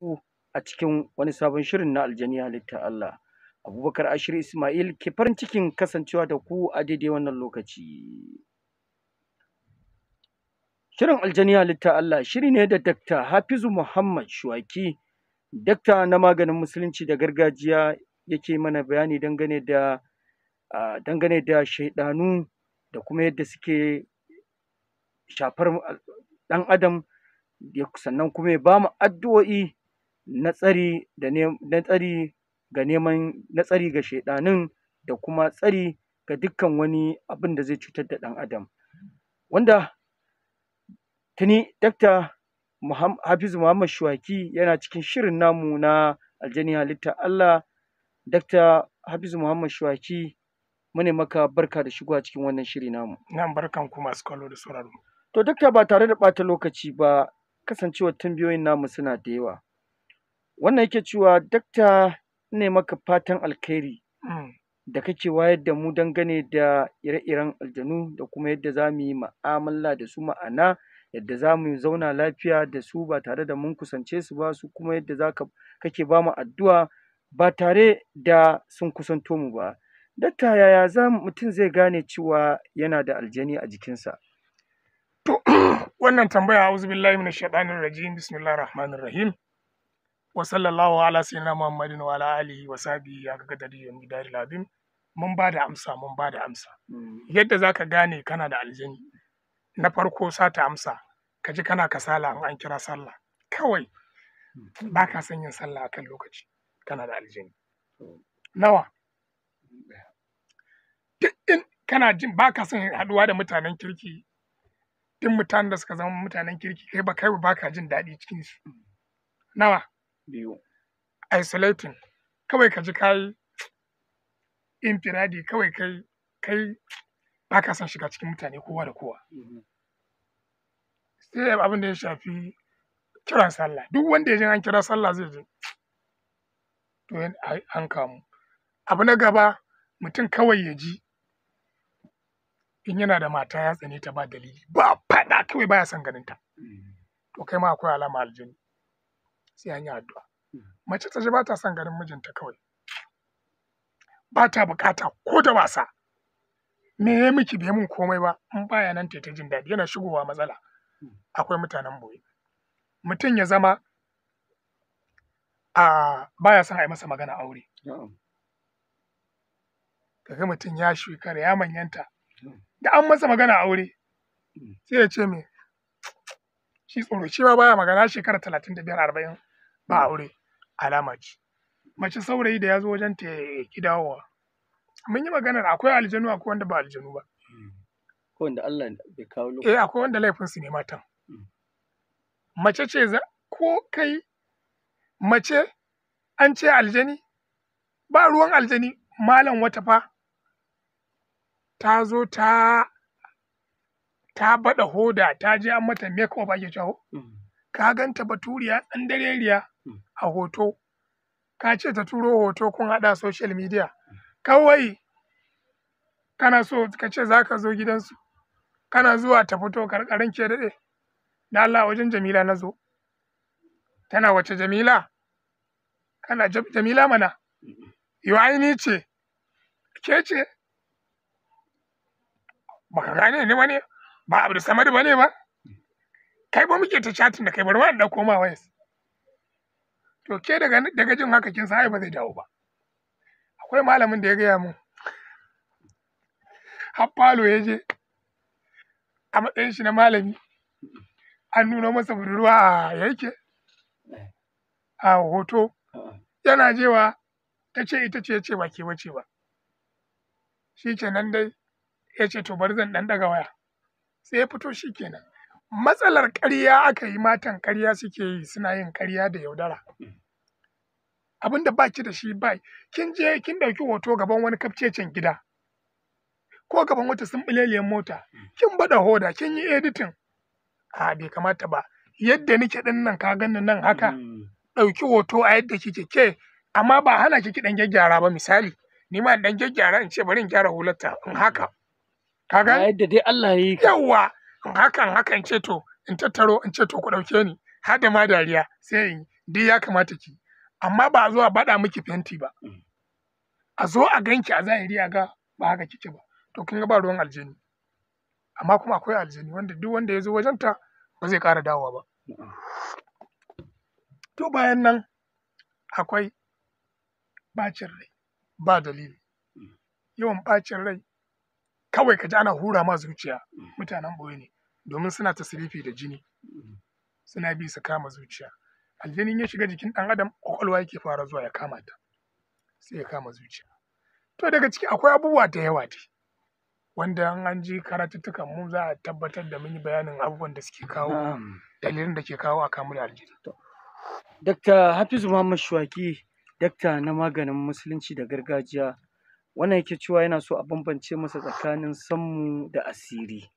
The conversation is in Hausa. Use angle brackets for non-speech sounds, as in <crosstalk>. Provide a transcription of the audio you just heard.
ku a cikin wani sabon shirin na Aljaniya, litta Allah. Abubakar Ashir Ismail ke farin cikin kasancewa da ku a daidai wannan lokaci. Shirin Aljaniya litta Allah shiri ne da Dr. Hafizu Muhammad Shuwaki, dakta na maganin musulunci da gargajiya yake mana bayani dangane da uh, dangane da shaidanu da kuma yadda suke shafar ɗan adam sannan kuma ya bamu addu'o'i na tsari da na tsari ga neman na tsari ga shaiɗanun da kuma tsari ga dukkan wani abin da zai cutar da ɗan adam wanda tuni dakta Hafizu Muhammad Shuwaki yana cikin shirin namu na aljani halitta Allah dakta Hafizu Muhammad Shuwaki mune maka barka da shigowa cikin wannan shiri namu nan barkan ku masu kallo da sauraro to dakta ba tare da ɓata lokaci ba kasancewar tambayoyin namu suna da yawa wannan yake cewa dakta ne maka fatan alkhairi mm. da kake wayar da mu dangane da ire-iren aljanu da kuma yadda za mu yi ma'amala da su ma'ana yadda za mu zauna lafiya da su ba tare da mun kusance su ba su kuma yadda za kake ba mu addu'a ba tare da sun kusanto mu ba dakta yaya za mutum zai gane cewa yana da aljani a jikinsa to <clears throat> wannan tambaya auzu billahi minash shaitanir rajim bismillahir rahmanir rahim wa sallallahu ala sayyidina muhammadin wa ala alihi wa sahbihi ya kaga dari yan da lazim mun ba da amsa mun ba da amsa yadda za ka gane kana da aljini na farko sata amsa ka ji kana kasala in an kira sallah kawai ba ka son yin sallah a kan lokaci kana da aljini nawa duk in kana jin ba ka son haduwa da mutanen kirki duk mutanen da suka zama mutanen kirki kai ba kai ba ka jin daɗi cikin su nawa biyu isolating kawai ka ji ka infiradi kawai kai kai ba ka son shiga cikin mutane kowa da kowa mm-hmm. sai abin da ya shafi kiran sallah duk wanda ya ji an kira sallah zai ji to an kamu abu na gaba mutum kawai ya ji in yana da mata ya tsane ta ba dalili ba faɗa kawai baya son ganin ta mm-hmm. to kai ma akwai alama aljini sai an yi addu'a hmm. mace ta ji ba ta son ganin mijinta kawai ba ta bukata ko da wasa me ya miki bai mun komai ba in ba ya nan ta jin daɗi yana shigowa matsala hmm. akwai mutanen boye mutum ya zama a baya son a yi masa magana aure kaga mutum ya shekara ya manyanta hmm. da an masa magana aure sai ya ce me shi tsoro shi ma baya magana shekara talatin da biyar arba'in ba hmm. aure alama ce. Mace saurayi da ya zo wajen ta ya ƙi dawowa. Mun yi magana akwai aljanu akwai wanda ba aljanu ba. Hmm. Akwai wanda Allah bai kawo lokaci. Eh akwai wanda laifinsu ne matan. Hmm. Mace ce za ko kai mace an ce aljani ba ruwan aljani malam wata fa ta zo ta ta baɗa hoda ta je an mata make up ake cewa ka ganta baturiya ɗan dareriya a hoto ka ce ta turo hoto kun haɗa social media kawai kana so ka ce za ka zo gidansu kana zuwa ta fito karkarin ke daɗe da Allah wajen Jamila na zo tana wace Jamila kana Jamila mana yau aini ce ke ce ba ka gane ni ba ne ba abu da samari ba ne ba kai ba muke ta chatin da kai bari ma da koma wayas to ke daga jin haka kin sai ba zai dawo ba akwai malamin da ya gaya mun haffalo ya je a matsayin shi na malami an nuna masa budurwa a yake a hoto yana jewa ta ce ita ce ya ce ba ke wace ba shi nan dai ya ce to bari zan ɗan daga waya sai ya fito shi kenan matsalar ƙarya aka yi matan ƙarya suke yi suna yin ƙarya da yaudara abin da baki da shi bai kin je kin dauki hoto gaban wani kafcecen gida ko gaban wata sumbuleliyar mota kin bada hoda kin yi editing a bai kamata ba yadda nike din nan ka ganni nan haka dauki hoto a yadda kike ke amma ba hana kiki dan gyaggyara ba misali ni ma dan gyaggyara in ce bari in gyara hulata in haka kaga yadda dai Allah ya yi yawa in haka in haka in ce to in tattaro in ce to ku dauke ni har ma dariya sai in dai ya kamata ki amma ba a zo a baɗa miki fenti ba mm. a zo a ganki a zahiri a ga ba haka kike ba to kin ga ba ruwan aljini amma kuma akwai aljini wanda duk wanda ya zo wajenta ba zai ƙara dawowa ba mm. to bayan nan akwai bacin rai ba dalili mm. yawan bacin rai kawai ka ji ana hura ma zuciya mutanen boye ne domin suna tasirifi da jini suna bi su kama zuciya aljanin ya shiga jikin ɗan adam kwakwalwa yake fara zuwa ya kama ta sai ya kama zuciya to daga ciki akwai abubuwa ta yawa dai wanda an an ji karatuttukan mu za a tabbatar da mun bayanin abubuwan da suke kawo dalilin da ke kawo a kamu da aljini Dr. Hafizu Muhammad Shuwaki, dakta na maganin musulunci da gargajiya, wannan yake cewa yana so a bambance masa tsakanin sammu da asiri.